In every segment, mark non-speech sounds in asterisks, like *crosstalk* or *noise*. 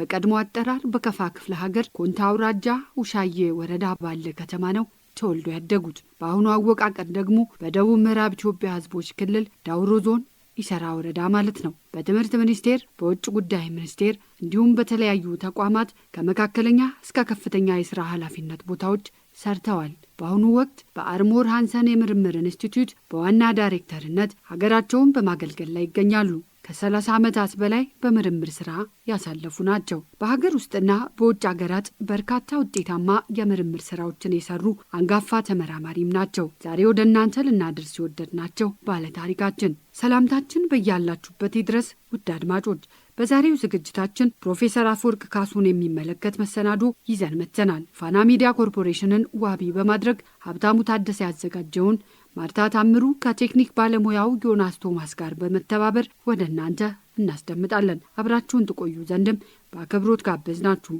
በቀድሞ አጠራር በከፋ ክፍለ ሀገር ኮንታ አውራጃ ውሻዬ ወረዳ ባለ ከተማ ነው ተወልዶ ያደጉት። በአሁኑ አወቃቀር ደግሞ በደቡብ ምዕራብ ኢትዮጵያ ሕዝቦች ክልል ዳውሮ ዞን ይሰራ ወረዳ ማለት ነው። በትምህርት ሚኒስቴር፣ በውጭ ጉዳይ ሚኒስቴር እንዲሁም በተለያዩ ተቋማት ከመካከለኛ እስከ ከፍተኛ የስራ ኃላፊነት ቦታዎች ሰርተዋል። በአሁኑ ወቅት በአርሞር ሃንሰን የምርምር ኢንስቲትዩት በዋና ዳይሬክተርነት ሀገራቸውን በማገልገል ላይ ይገኛሉ። ከ30 ዓመታት በላይ በምርምር ስራ ያሳለፉ ናቸው። በሀገር ውስጥና በውጭ ሀገራት በርካታ ውጤታማ የምርምር ስራዎችን የሰሩ አንጋፋ ተመራማሪም ናቸው። ዛሬ ወደ እናንተ ልናደርስ የወደድናቸው ባለታሪካችን። ሰላምታችን በያላችሁበት ድረስ ውድ አድማጮች። በዛሬው ዝግጅታችን ፕሮፌሰር አፈወርቅ ካሱን የሚመለከት መሰናዶ ይዘን መጥተናል። ፋና ሚዲያ ኮርፖሬሽንን ዋቢ በማድረግ ሀብታሙ ታደሰ ያዘጋጀውን ማርታ ታምሩ ከቴክኒክ ባለሙያው ዮናስ ቶማስ ጋር በመተባበር ወደ እናንተ እናስደምጣለን። አብራችሁን ትቆዩ ዘንድም በአክብሮት ጋበዝ ናችሁ።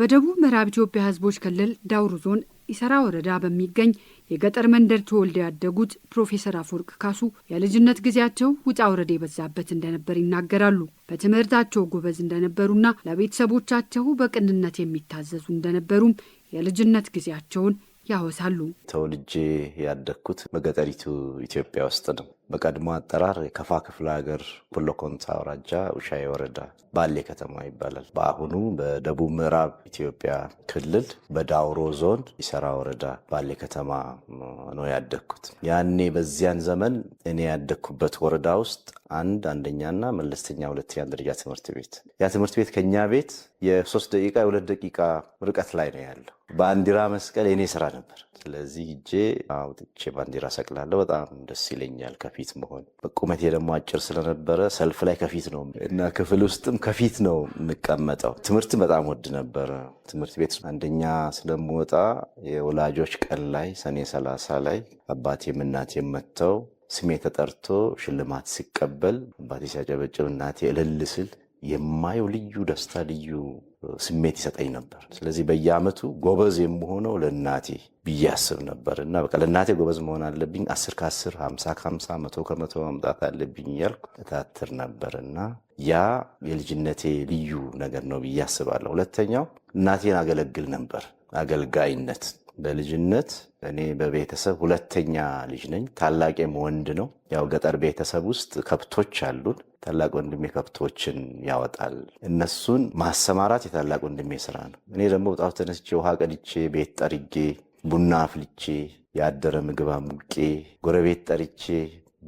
በደቡብ ምዕራብ ኢትዮጵያ ሕዝቦች ክልል ዳውሩ ዞን ኢሰራ ወረዳ በሚገኝ የገጠር መንደር ተወልደው ያደጉት ፕሮፌሰር አፈወርቅ ካሱ የልጅነት ጊዜያቸው ውጣ ውረድ የበዛበት እንደነበር ይናገራሉ። በትምህርታቸው ጎበዝ እንደነበሩና ለቤተሰቦቻቸው በቅንነት የሚታዘዙ እንደነበሩም የልጅነት ጊዜያቸውን ያወሳሉ። ተወልጄ ያደግኩት በገጠሪቱ ኢትዮጵያ ውስጥ ነው። በቀድሞ አጠራር የከፋ ክፍለ ሀገር ቡሎ አውራጃ ውሻዬ ወረዳ ባሌ ከተማ ይባላል። በአሁኑ በደቡብ ምዕራብ ኢትዮጵያ ክልል በዳውሮ ዞን ይሰራ ወረዳ ባሌ ከተማ ነው ያደግኩት። ያኔ በዚያን ዘመን እኔ ያደግኩበት ወረዳ ውስጥ አንድ አንደኛና መለስተኛ ሁለተኛ ደረጃ ትምህርት ቤት ያ ትምህርት ቤት ከኛ ቤት የሶስት ደቂቃ የሁለት ደቂቃ ርቀት ላይ ነው ያለው። ባንዲራ መስቀል እኔ ስራ ነበር። ስለዚህ እጄ አውጥቼ ባንዲራ ሰቅላለሁ። በጣም ደስ ይለኛል ከፊ ከፊት መሆን በቁመቴ ደግሞ አጭር ስለነበረ ሰልፍ ላይ ከፊት ነው እና ክፍል ውስጥም ከፊት ነው የምቀመጠው። ትምህርት በጣም ወድ ነበረ። ትምህርት ቤት አንደኛ ስለምወጣ የወላጆች ቀን ላይ ሰኔ ሰላሳ ላይ አባቴም እናቴም መጥተው ስሜ ተጠርቶ ሽልማት ሲቀበል አባቴ ሲያጨበጭብ እናቴ እልል ስል የማየው ልዩ ደስታ ልዩ ስሜት ይሰጠኝ ነበር። ስለዚህ በየዓመቱ ጎበዝ የምሆነው ለእናቴ ብዬ አስብ ነበር እና በቃ ለእናቴ ጎበዝ መሆን አለብኝ፣ አስር ከአስር ሀምሳ ከሃምሳ መቶ ከመቶ መምጣት አለብኝ እያልኩ እታትር ነበር እና ያ የልጅነቴ ልዩ ነገር ነው ብዬ አስባለሁ። ሁለተኛው እናቴን አገለግል ነበር አገልጋይነት በልጅነት እኔ በቤተሰብ ሁለተኛ ልጅ ነኝ። ታላቄም ወንድ ነው። ያው ገጠር ቤተሰብ ውስጥ ከብቶች አሉን። ታላቅ ወንድሜ ከብቶችን ያወጣል። እነሱን ማሰማራት የታላቅ ወንድሜ ስራ ነው። እኔ ደግሞ በጣም ተነስቼ ውሃ ቀድቼ፣ ቤት ጠርጌ፣ ቡና አፍልቼ፣ ያደረ ምግብ አሙቄ፣ ጎረቤት ጠርቼ፣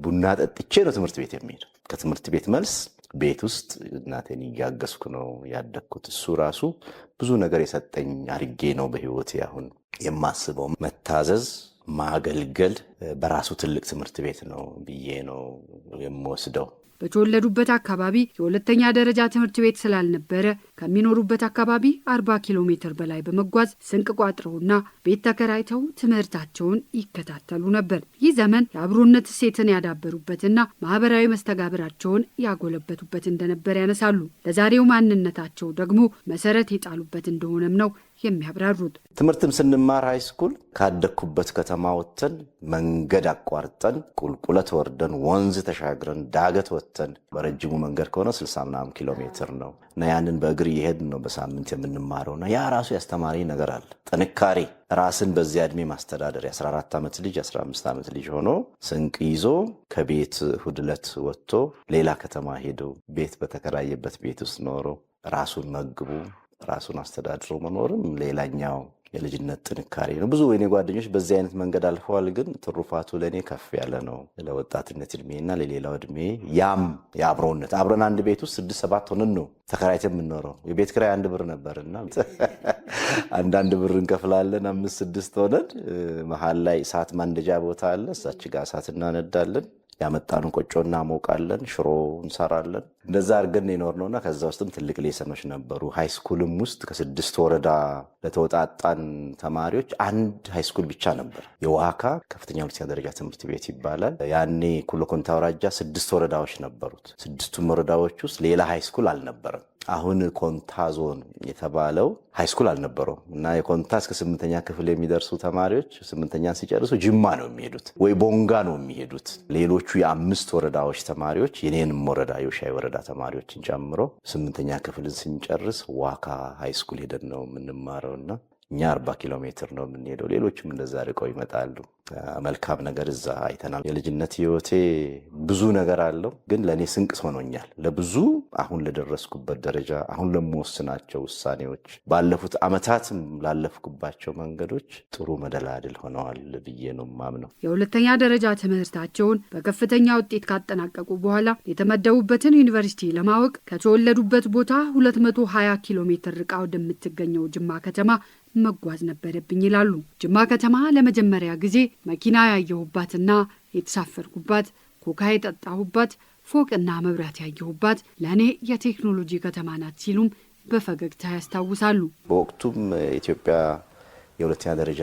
ቡና ጠጥቼ ነው ትምህርት ቤት የሚሄደው። ከትምህርት ቤት መልስ ቤት ውስጥ እናቴን እያገዝኩ ነው ያደግኩት። እሱ ራሱ ብዙ ነገር የሰጠኝ አድጌ ነው በህይወቴ አሁን የማስበው መታዘዝ፣ ማገልገል በራሱ ትልቅ ትምህርት ቤት ነው ብዬ ነው የምወስደው። በተወለዱበት አካባቢ የሁለተኛ ደረጃ ትምህርት ቤት ስላልነበረ ከሚኖሩበት አካባቢ 40 ኪሎ ሜትር በላይ በመጓዝ ስንቅ ቋጥረውና ቤት ተከራይተው ትምህርታቸውን ይከታተሉ ነበር። ይህ ዘመን የአብሮነት እሴትን ያዳበሩበትና ማህበራዊ መስተጋብራቸውን ያጎለበቱበት እንደነበር ያነሳሉ። ለዛሬው ማንነታቸው ደግሞ መሰረት የጣሉበት እንደሆነም ነው የሚያብራሩት። ትምህርትም ስንማር ሃይስኩል ካደግኩበት ከተማ ወጥተን መንገድ አቋርጠን ቁልቁለት ወርደን ወንዝ ተሻግረን ዳገት ወጥተን በረጅሙ መንገድ ከሆነ 60 ምናምን ኪሎ ሜትር ነው እና ያንን በእግር እየሄድን ነው በሳምንት የምንማረው እና ያ ራሱ ያስተማሪ ነገር አለ። ጥንካሬ፣ ራስን በዚያ ዕድሜ ማስተዳደር። የ14 ዓመት ልጅ 15 ዓመት ልጅ ሆኖ ስንቅ ይዞ ከቤት ሁድለት ወጥቶ ሌላ ከተማ ሄዶ ቤት በተከራየበት ቤት ውስጥ ኖሮ ራሱን መግቡ ራሱን አስተዳድሮ መኖርም ሌላኛው የልጅነት ጥንካሬ ነው። ብዙ ወይኔ ጓደኞች በዚህ አይነት መንገድ አልፈዋል፣ ግን ትሩፋቱ ለእኔ ከፍ ያለ ነው። ለወጣትነት እድሜና ለሌላው እድሜ ያም የአብሮነት አብረን አንድ ቤት ውስጥ ስድስት ሰባት ሆነን ነው ተከራይተ የምንኖረው። የቤት ክራይ አንድ ብር እና *laughs* አንዳንድ ብር እንከፍላለን። አምስት ስድስት ሆነን መሀል ላይ እሳት ማንደጃ ቦታ አለ። እሳች ጋር እሳት እናነዳለን። ያመጣን ቆጮ እናሞቃለን፣ ሽሮ እንሰራለን። እንደዛ አድርገን የኖር ነውና ከዛ ውስጥም ትልቅ ሌሰኖች ነበሩ። ሃይስኩልም ውስጥ ከስድስት ወረዳ ለተወጣጣን ተማሪዎች አንድ ሃይስኩል ብቻ ነበር። የዋካ ከፍተኛ ሁለተኛ ደረጃ ትምህርት ቤት ይባላል። ያኔ ኩሎኮንታ አውራጃ ስድስት ወረዳዎች ነበሩት። ስድስቱም ወረዳዎች ውስጥ ሌላ ሃይስኩል አልነበረም። አሁን ኮንታ ዞን የተባለው ሃይስኩል አልነበረውም እና የኮንታ እስከ ስምንተኛ ክፍል የሚደርሱ ተማሪዎች ስምንተኛ ሲጨርሱ ጅማ ነው የሚሄዱት ወይ ቦንጋ ነው የሚሄዱት። ሌሎቹ የአምስት ወረዳዎች ተማሪዎች የኔንም ወረዳ የውሻይ ወረዳ ወረዳ ተማሪዎችን ጨምሮ ስምንተኛ ክፍልን ስንጨርስ ዋካ ሃይስኩል ሄደን ነው የምንማረው እና እኛ አርባ ኪሎ ሜትር ነው የምንሄደው። ሌሎችም እንደዛ ርቀው ይመጣሉ። መልካም ነገር እዛ አይተናል። የልጅነት ህይወቴ ብዙ ነገር አለው፣ ግን ለእኔ ስንቅ ሆኖኛል። ለብዙ አሁን ለደረስኩበት ደረጃ፣ አሁን ለምወስናቸው ውሳኔዎች፣ ባለፉት አመታትም ላለፍኩባቸው መንገዶች ጥሩ መደላድል ሆነዋል ብዬ ነው ማምነው። የሁለተኛ ደረጃ ትምህርታቸውን በከፍተኛ ውጤት ካጠናቀቁ በኋላ የተመደቡበትን ዩኒቨርሲቲ ለማወቅ ከተወለዱበት ቦታ 220 ኪሎ ሜትር ርቃ ወደምትገኘው ጅማ ከተማ መጓዝ ነበረብኝ ይላሉ። ጅማ ከተማ ለመጀመሪያ ጊዜ መኪና ያየሁባትና የተሳፈርኩባት፣ ኮካ የጠጣሁባት፣ ፎቅና መብራት ያየሁባት ለእኔ የቴክኖሎጂ ከተማ ናት ሲሉም በፈገግታ ያስታውሳሉ። በወቅቱም ኢትዮጵያ የሁለተኛ ደረጃ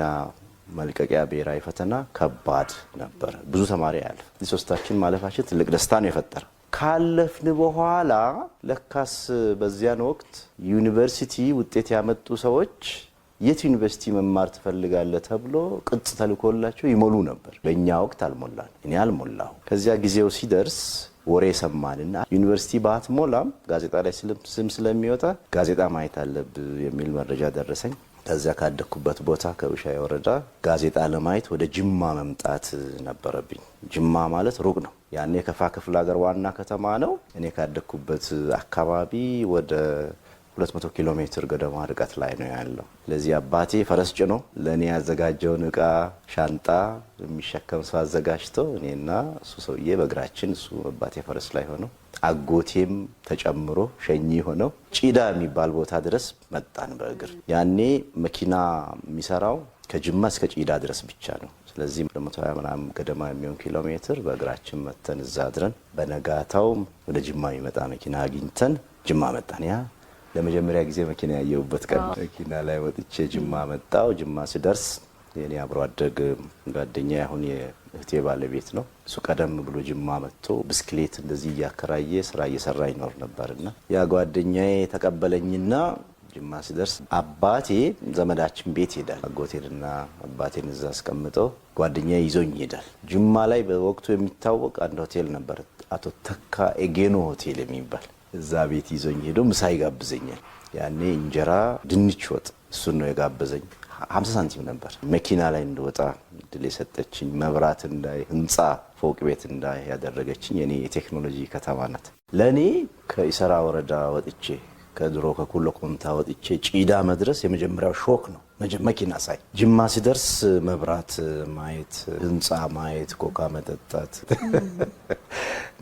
መልቀቂያ ብሔራዊ ፈተና ከባድ ነበር። ብዙ ተማሪ ያለ ሶስታችን ማለፋችን ትልቅ ደስታ ነው የፈጠረ ካለፍን በኋላ ለካስ በዚያን ወቅት ዩኒቨርሲቲ ውጤት ያመጡ ሰዎች የት ዩኒቨርሲቲ መማር ትፈልጋለህ ተብሎ ቅጽ ተልኮላቸው ይሞሉ ነበር። በእኛ ወቅት አልሞላን፣ እኔ አልሞላሁ። ከዚያ ጊዜው ሲደርስ ወሬ ሰማንና ዩኒቨርሲቲ ባትሞላም ጋዜጣ ላይ ስም ስለሚወጣ ጋዜጣ ማየት አለብ የሚል መረጃ ደረሰኝ። ከዚያ ካደግኩበት ቦታ ከውሻ ወረዳ ጋዜጣ ለማየት ወደ ጅማ መምጣት ነበረብኝ። ጅማ ማለት ሩቅ ነው። ያኔ ከፋ ክፍለ ሀገር ዋና ከተማ ነው። እኔ ካደግኩበት አካባቢ ወደ 200 ኪሎ ሜትር ገደማ ርቀት ላይ ነው ያለው። ለዚህ አባቴ ፈረስ ጭኖ ለእኔ ያዘጋጀውን እቃ ሻንጣ የሚሸከም ሰው አዘጋጅቶ እኔና እሱ ሰውዬ በእግራችን እሱ አባቴ ፈረስ ላይ ሆነው አጎቴም ተጨምሮ ሸኚ ሆነው ጪዳ የሚባል ቦታ ድረስ መጣን በእግር። ያኔ መኪና የሚሰራው ከጅማ እስከ ጪዳ ድረስ ብቻ ነው። ስለዚህ ወደ መቶ ምናምን ገደማ የሚሆን ኪሎ ሜትር በእግራችን መተን እዛ አድረን በነጋታው ወደ ጅማ የሚመጣ መኪና አግኝተን ጅማ መጣን። ያ ለመጀመሪያ ጊዜ መኪና ያየሁበት ቀን መኪና ላይ ወጥቼ ጅማ መጣው ጅማ ስደርስ የኔ አብሮ አደግ ጓደኛ አሁን የእህቴ ባለቤት ነው። እሱ ቀደም ብሎ ጅማ መጥቶ ብስክሌት እንደዚህ እያከራየ ስራ እየሰራ ይኖር ነበር እና ያ ጓደኛዬ ተቀበለኝና ጅማ ስደርስ አባቴ ዘመዳችን ቤት ይሄዳል። አጎቴንና አባቴን እዛ አስቀምጠው ጓደኛ ይዞኝ ይሄዳል። ጅማ ላይ በወቅቱ የሚታወቅ አንድ ሆቴል ነበር፣ አቶ ተካ ኤጌኖ ሆቴል የሚባል እዛ ቤት ይዞኝ ሄዶ ምሳ ይጋብዘኛል። ያኔ እንጀራ ድንች ወጥ እሱን ነው የጋበዘኝ። ሀምሳ ሳንቲም ነበር። መኪና ላይ እንደወጣ ድል የሰጠችኝ መብራት እንዳይ ህንፃ ፎቅ ቤት እንዳይ ያደረገችኝ የኔ የቴክኖሎጂ ከተማ ናት። ለእኔ ከኢሰራ ወረዳ ወጥቼ ከድሮ ከኩሎ ኮንታ ወጥቼ ጪዳ መድረስ የመጀመሪያው ሾክ ነው። መኪና ሳይ ጅማ ሲደርስ መብራት ማየት፣ ህንፃ ማየት፣ ኮካ መጠጣት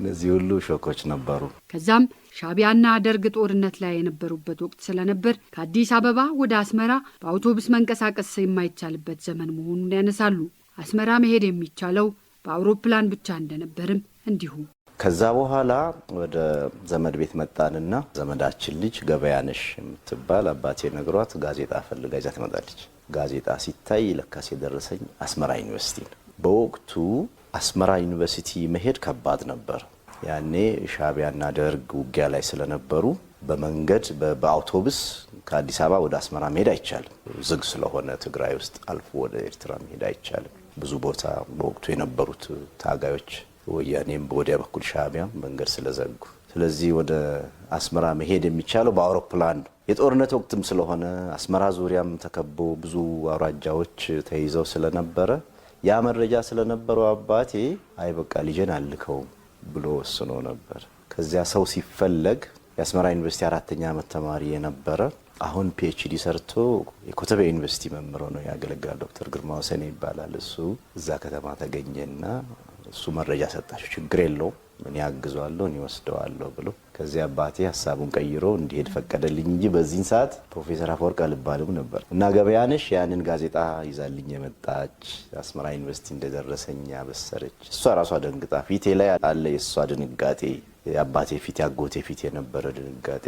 እነዚህ ሁሉ ሾኮች ነበሩ። ከዛም ሻቢያና ደርግ ጦርነት ላይ የነበሩበት ወቅት ስለነበር ከአዲስ አበባ ወደ አስመራ በአውቶቡስ መንቀሳቀስ የማይቻልበት ዘመን መሆኑን ያነሳሉ። አስመራ መሄድ የሚቻለው በአውሮፕላን ብቻ እንደነበርም እንዲሁ። ከዛ በኋላ ወደ ዘመድ ቤት መጣንና ዘመዳችን ልጅ ገበያነሽ የምትባል አባቴ ነግሯት ጋዜጣ ፈልጋ ይዛ ትመጣለች። ጋዜጣ ሲታይ ለካስ የደረሰኝ አስመራ ዩኒቨርሲቲ ነው። በወቅቱ አስመራ ዩኒቨርሲቲ መሄድ ከባድ ነበር። ያኔ ሻቢያና ደርግ ውጊያ ላይ ስለነበሩ በመንገድ በአውቶቡስ ከአዲስ አበባ ወደ አስመራ መሄድ አይቻልም። ዝግ ስለሆነ ትግራይ ውስጥ አልፎ ወደ ኤርትራ መሄድ አይቻልም። ብዙ ቦታ በወቅቱ የነበሩት ታጋዮች ወያኔም በወዲያ በኩል ሻቢያ መንገድ ስለዘጉ፣ ስለዚህ ወደ አስመራ መሄድ የሚቻለው በአውሮፕላን ነው። የጦርነት ወቅትም ስለሆነ አስመራ ዙሪያም ተከቦ ብዙ አውራጃዎች ተይዘው ስለነበረ ያ መረጃ ስለነበረው አባቴ አይ በቃ ልጄን አልከውም ብሎ ወስኖ ነበር። ከዚያ ሰው ሲፈለግ የአስመራ ዩኒቨርሲቲ አራተኛ ዓመት ተማሪ የነበረ አሁን ፒኤችዲ ሰርቶ የኮተቤ ዩኒቨርሲቲ መምህር ነው ያገለግላል። ዶክተር ግርማ ወሰኔ ይባላል። እሱ እዛ ከተማ ተገኘና እሱ መረጃ ሰጣቸው። ችግር የለውም እኔ አግዟለሁ፣ እኔ ወስደዋለሁ ብሎ ከዚህ አባቴ ሀሳቡን ቀይሮ እንዲሄድ ፈቀደልኝ እንጂ በዚህን ሰዓት ፕሮፌሰር አፈወርቅ አልባልም ነበር እና ገበያነሽ ያንን ጋዜጣ ይዛልኝ የመጣች አስመራ ዩኒቨርሲቲ እንደደረሰኝ ያበሰረች እሷ ራሷ ደንግጣ ፊቴ ላይ አለ የእሷ ድንጋጤ፣ የአባቴ ፊት፣ የአጎቴ ፊት የነበረ ድንጋጤ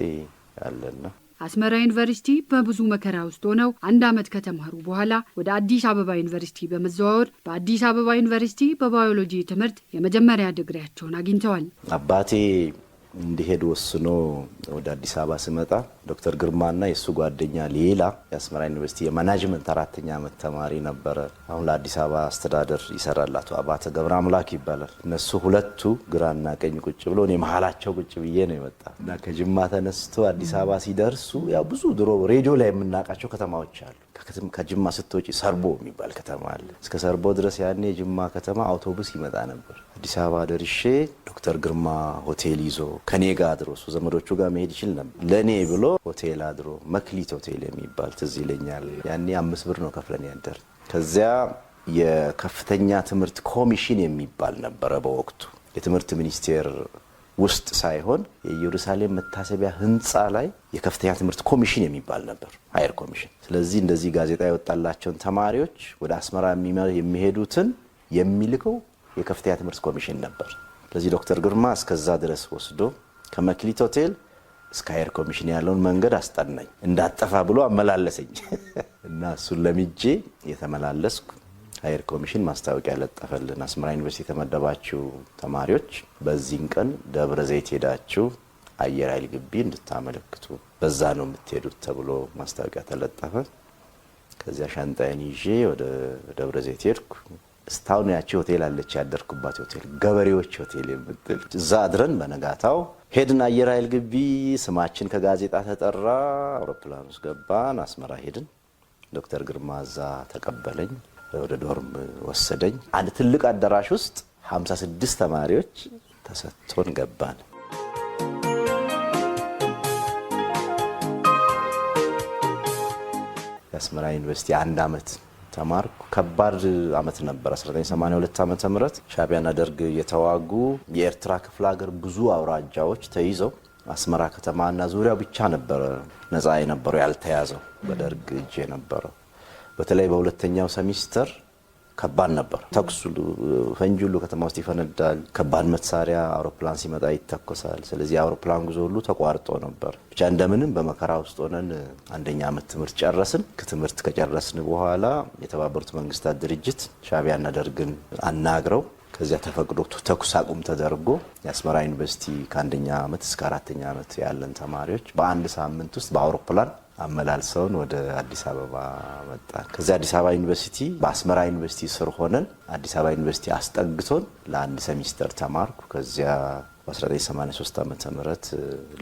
አለና አስመራ ዩኒቨርሲቲ በብዙ መከራ ውስጥ ሆነው አንድ ዓመት ከተማሩ በኋላ ወደ አዲስ አበባ ዩኒቨርሲቲ በመዘዋወር በአዲስ አበባ ዩኒቨርሲቲ በባዮሎጂ ትምህርት የመጀመሪያ ድግሪያቸውን አግኝተዋል። አባቴ እንዲሄድ ወስኖ ወደ አዲስ አበባ ስመጣ ዶክተር ግርማና የእሱ ጓደኛ ሌላ የአስመራ ዩኒቨርሲቲ የማናጅመንት አራተኛ ዓመት ተማሪ ነበረ። አሁን ለአዲስ አበባ አስተዳደር ይሰራል። አቶ አባተ ገብረ አምላክ ይባላል። እነሱ ሁለቱ ግራና ቀኝ ቁጭ ብሎ እኔ መሀላቸው ቁጭ ብዬ ነው የመጣ እና ከጅማ ተነስቶ አዲስ አበባ ሲደርሱ ያው ብዙ ድሮ ሬዲዮ ላይ የምናውቃቸው ከተማዎች አሉ ከጅማ ስትወጪ ሰርቦ የሚባል ከተማ አለ። እስከ ሰርቦ ድረስ ያኔ የጅማ ከተማ አውቶቡስ ይመጣ ነበር። አዲስ አበባ ደርሼ ዶክተር ግርማ ሆቴል ይዞ ከኔ ጋር አድሮ እሱ ዘመዶቹ ጋር መሄድ ይችል ነበር። ለእኔ ብሎ ሆቴል አድሮ መክሊት ሆቴል የሚባል ትዝ ይለኛል። ያኔ አምስት ብር ነው ከፍለን ያደር ከዚያ የከፍተኛ ትምህርት ኮሚሽን የሚባል ነበረ በወቅቱ የትምህርት ሚኒስቴር ውስጥ ሳይሆን የኢየሩሳሌም መታሰቢያ ህንፃ ላይ የከፍተኛ ትምህርት ኮሚሽን የሚባል ነበር፣ ሀየር ኮሚሽን። ስለዚህ እንደዚህ ጋዜጣ የወጣላቸውን ተማሪዎች ወደ አስመራ የሚሄዱትን የሚልከው የከፍተኛ ትምህርት ኮሚሽን ነበር። ስለዚህ ዶክተር ግርማ እስከዛ ድረስ ወስዶ ከመክሊት ሆቴል እስከ ሀየር ኮሚሽን ያለውን መንገድ አስጠናኝ። እንዳጠፋ ብሎ አመላለሰኝ *laughs* እና እሱን ለምጄ የተመላለስኩ ሀየር ኮሚሽን ማስታወቂያ ያለጠፈልን አስመራ ዩኒቨርሲቲ የተመደባችሁ ተማሪዎች በዚህን ቀን ደብረ ዘይት ሄዳችሁ አየር ኃይል ግቢ እንድታመለክቱ በዛ ነው የምትሄዱት ተብሎ ማስታወቂያ ተለጠፈ። ከዚያ ሻንጣይን ይዤ ወደ ደብረ ዘይት ሄድኩ። እስታሁን ያቺ ሆቴል አለች ያደርኩባት ሆቴል ገበሬዎች ሆቴል የምትል እዛ አድረን በነጋታው ሄድን አየር ኃይል ግቢ። ስማችን ከጋዜጣ ተጠራ። አውሮፕላን ውስጥ ገባን። አስመራ ሄድን። ዶክተር ግርማ እዛ ተቀበለኝ። ወደ ዶርም ወሰደኝ። አንድ ትልቅ አዳራሽ ውስጥ 56 ተማሪዎች ተሰጥቶን ገባን። የአስመራ ዩኒቨርሲቲ አንድ አመት ተማርኩ። ከባድ አመት ነበር። 1982 ዓ ም ሻቢያና ደርግ የተዋጉ የኤርትራ ክፍለ ሀገር ብዙ አውራጃዎች ተይዘው አስመራ ከተማና ዙሪያው ብቻ ነበረ ነፃ የነበረው ያልተያዘው በደርግ እጅ የነበረው በተለይ በሁለተኛው ሰሚስተር ከባድ ነበር። ተኩስ ሁሉ ፈንጅ ሁሉ ከተማ ውስጥ ይፈነዳል። ከባድ መሳሪያ አውሮፕላን ሲመጣ ይተኮሳል። ስለዚህ የአውሮፕላን ጉዞ ሁሉ ተቋርጦ ነበር። ብቻ እንደምንም በመከራ ውስጥ ሆነን አንደኛ ዓመት ትምህርት ጨረስን። ከትምህርት ከጨረስን በኋላ የተባበሩት መንግስታት ድርጅት ሻዕቢያና ደርግን አናግረው ከዚያ ተፈቅዶ ተኩስ አቁም ተደርጎ የአስመራ ዩኒቨርሲቲ ከአንደኛ ዓመት እስከ አራተኛ ዓመት ያለን ተማሪዎች በአንድ ሳምንት ውስጥ በአውሮፕላን አመላልሰውን ወደ አዲስ አበባ መጣን። ከዚህ አዲስ አበባ ዩኒቨርሲቲ በአስመራ ዩኒቨርሲቲ ስር ሆነን አዲስ አበባ ዩኒቨርሲቲ አስጠግቶን ለአንድ ሰሚስተር ተማርኩ። ከዚያ በ1983 ዓ ም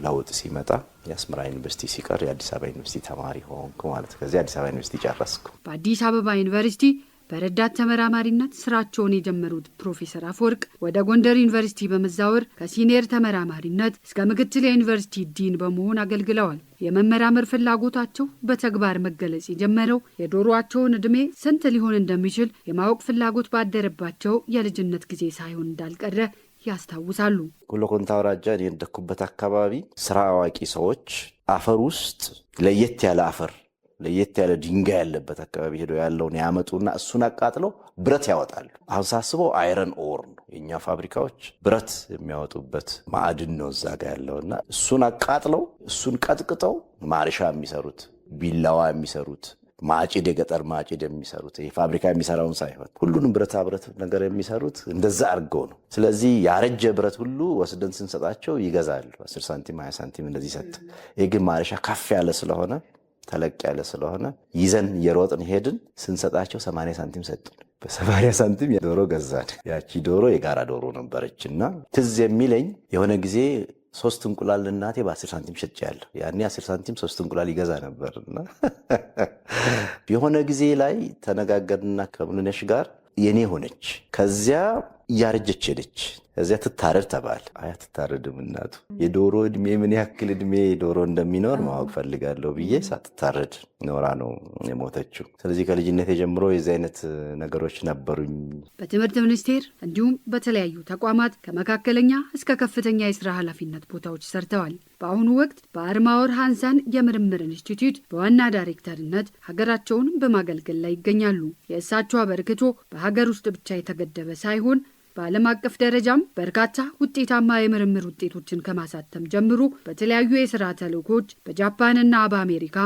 ለውጥ ሲመጣ የአስመራ ዩኒቨርሲቲ ሲቀር የአዲስ አበባ ዩኒቨርሲቲ ተማሪ ሆንኩ ማለት ከዚህ አዲስ አበባ ዩኒቨርሲቲ ጨረስኩ። በአዲስ አበባ ዩኒቨርሲቲ በረዳት ተመራማሪነት ስራቸውን የጀመሩት ፕሮፌሰር አፈወርቅ ወደ ጎንደር ዩኒቨርሲቲ በመዛወር ከሲኒየር ተመራማሪነት እስከ ምክትል የዩኒቨርሲቲ ዲን በመሆን አገልግለዋል። የመመራመር ፍላጎታቸው በተግባር መገለጽ የጀመረው የዶሮቸውን ዕድሜ ስንት ሊሆን እንደሚችል የማወቅ ፍላጎት ባደረባቸው የልጅነት ጊዜ ሳይሆን እንዳልቀረ ያስታውሳሉ። ሁለኮንታ አውራጃ እኔ አካባቢ ስራ አዋቂ ሰዎች አፈር ውስጥ ለየት ያለ አፈር ለየት ያለ ድንጋይ ያለበት አካባቢ ሄደው ያለውን ያመጡና እሱን አቃጥለው ብረት ያወጣሉ። አሁን ሳስበው አይረን ኦር ነው የእኛ ፋብሪካዎች ብረት የሚያወጡበት ማዕድን ነው እዛ ጋ ያለውና እሱን አቃጥለው እሱን ቀጥቅጠው ማርሻ የሚሰሩት ቢላዋ የሚሰሩት ማጭድ የገጠር ማጭድ የሚሰሩት ይሄ ፋብሪካ የሚሰራውን ሳይሆን ሁሉንም ብረታ ብረት ነገር የሚሰሩት እንደዛ አድርገው ነው። ስለዚህ ያረጀ ብረት ሁሉ ወስደን ስንሰጣቸው ይገዛሉ። 1 ሳንቲም 2 ሳንቲም እንደዚህ ሰጥ። ይህ ግን ማረሻ ከፍ ያለ ስለሆነ ተለቅ ያለ ስለሆነ ይዘን የሮጥን ሄድን። ስንሰጣቸው 80 ሳንቲም ሰጡን። በሰማንያ ሳንቲም ዶሮ ገዛን። ያቺ ዶሮ የጋራ ዶሮ ነበረች እና ትዝ የሚለኝ የሆነ ጊዜ ሶስት እንቁላል እናቴ በአስር ሳንቲም ሸጬያለሁ። ያኔ አስር ሳንቲም ሶስት እንቁላል ይገዛ ነበር እና *laughs* የሆነ ጊዜ ላይ ተነጋገርንና ከምንነሽ ጋር የኔ ሆነች። ከዚያ እያረጀች ሄደች። እዚያ ትታረድ ተባል። አይ አትታረድም እናቱ። የዶሮ እድሜ ምን ያክል እድሜ ዶሮ እንደሚኖር ማወቅ ፈልጋለሁ ብዬ ሳትታረድ ኖራ ነው የሞተችው። ስለዚህ ከልጅነት ጀምሮ የዚህ አይነት ነገሮች ነበሩኝ። በትምህርት ሚኒስቴር እንዲሁም በተለያዩ ተቋማት ከመካከለኛ እስከ ከፍተኛ የስራ ኃላፊነት ቦታዎች ሰርተዋል። በአሁኑ ወቅት በአርማወር ሃንሳን የምርምር ኢንስቲትዩት በዋና ዳይሬክተርነት ሀገራቸውን በማገልገል ላይ ይገኛሉ። የእሳቸው አበርክቶ በሀገር ውስጥ ብቻ የተገደበ ሳይሆን በዓለም አቀፍ ደረጃም በርካታ ውጤታማ የምርምር ውጤቶችን ከማሳተም ጀምሮ በተለያዩ የስራ ተልእኮች በጃፓንና በአሜሪካ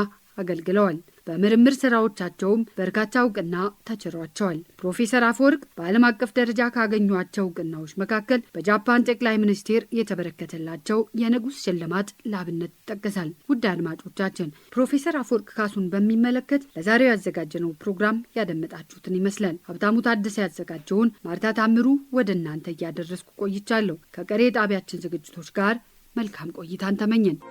አገልግለዋል። በምርምር ስራዎቻቸውም በርካታ እውቅና ተችሯቸዋል። ፕሮፌሰር አፈወርቅ በዓለም አቀፍ ደረጃ ካገኟቸው እውቅናዎች መካከል በጃፓን ጠቅላይ ሚኒስቴር የተበረከተላቸው የንጉሥ ሽልማት ላብነት ይጠቀሳል። ውድ አድማጮቻችን ፕሮፌሰር አፈወርቅ ካሱን በሚመለከት ለዛሬው ያዘጋጀነው ፕሮግራም ያደመጣችሁትን ይመስላል። ሀብታሙ ታደሰ ያዘጋጀውን ማርታ ታምሩ ወደ እናንተ እያደረስኩ ቆይቻለሁ። ከቀሬ ጣቢያችን ዝግጅቶች ጋር መልካም ቆይታን ተመኘን።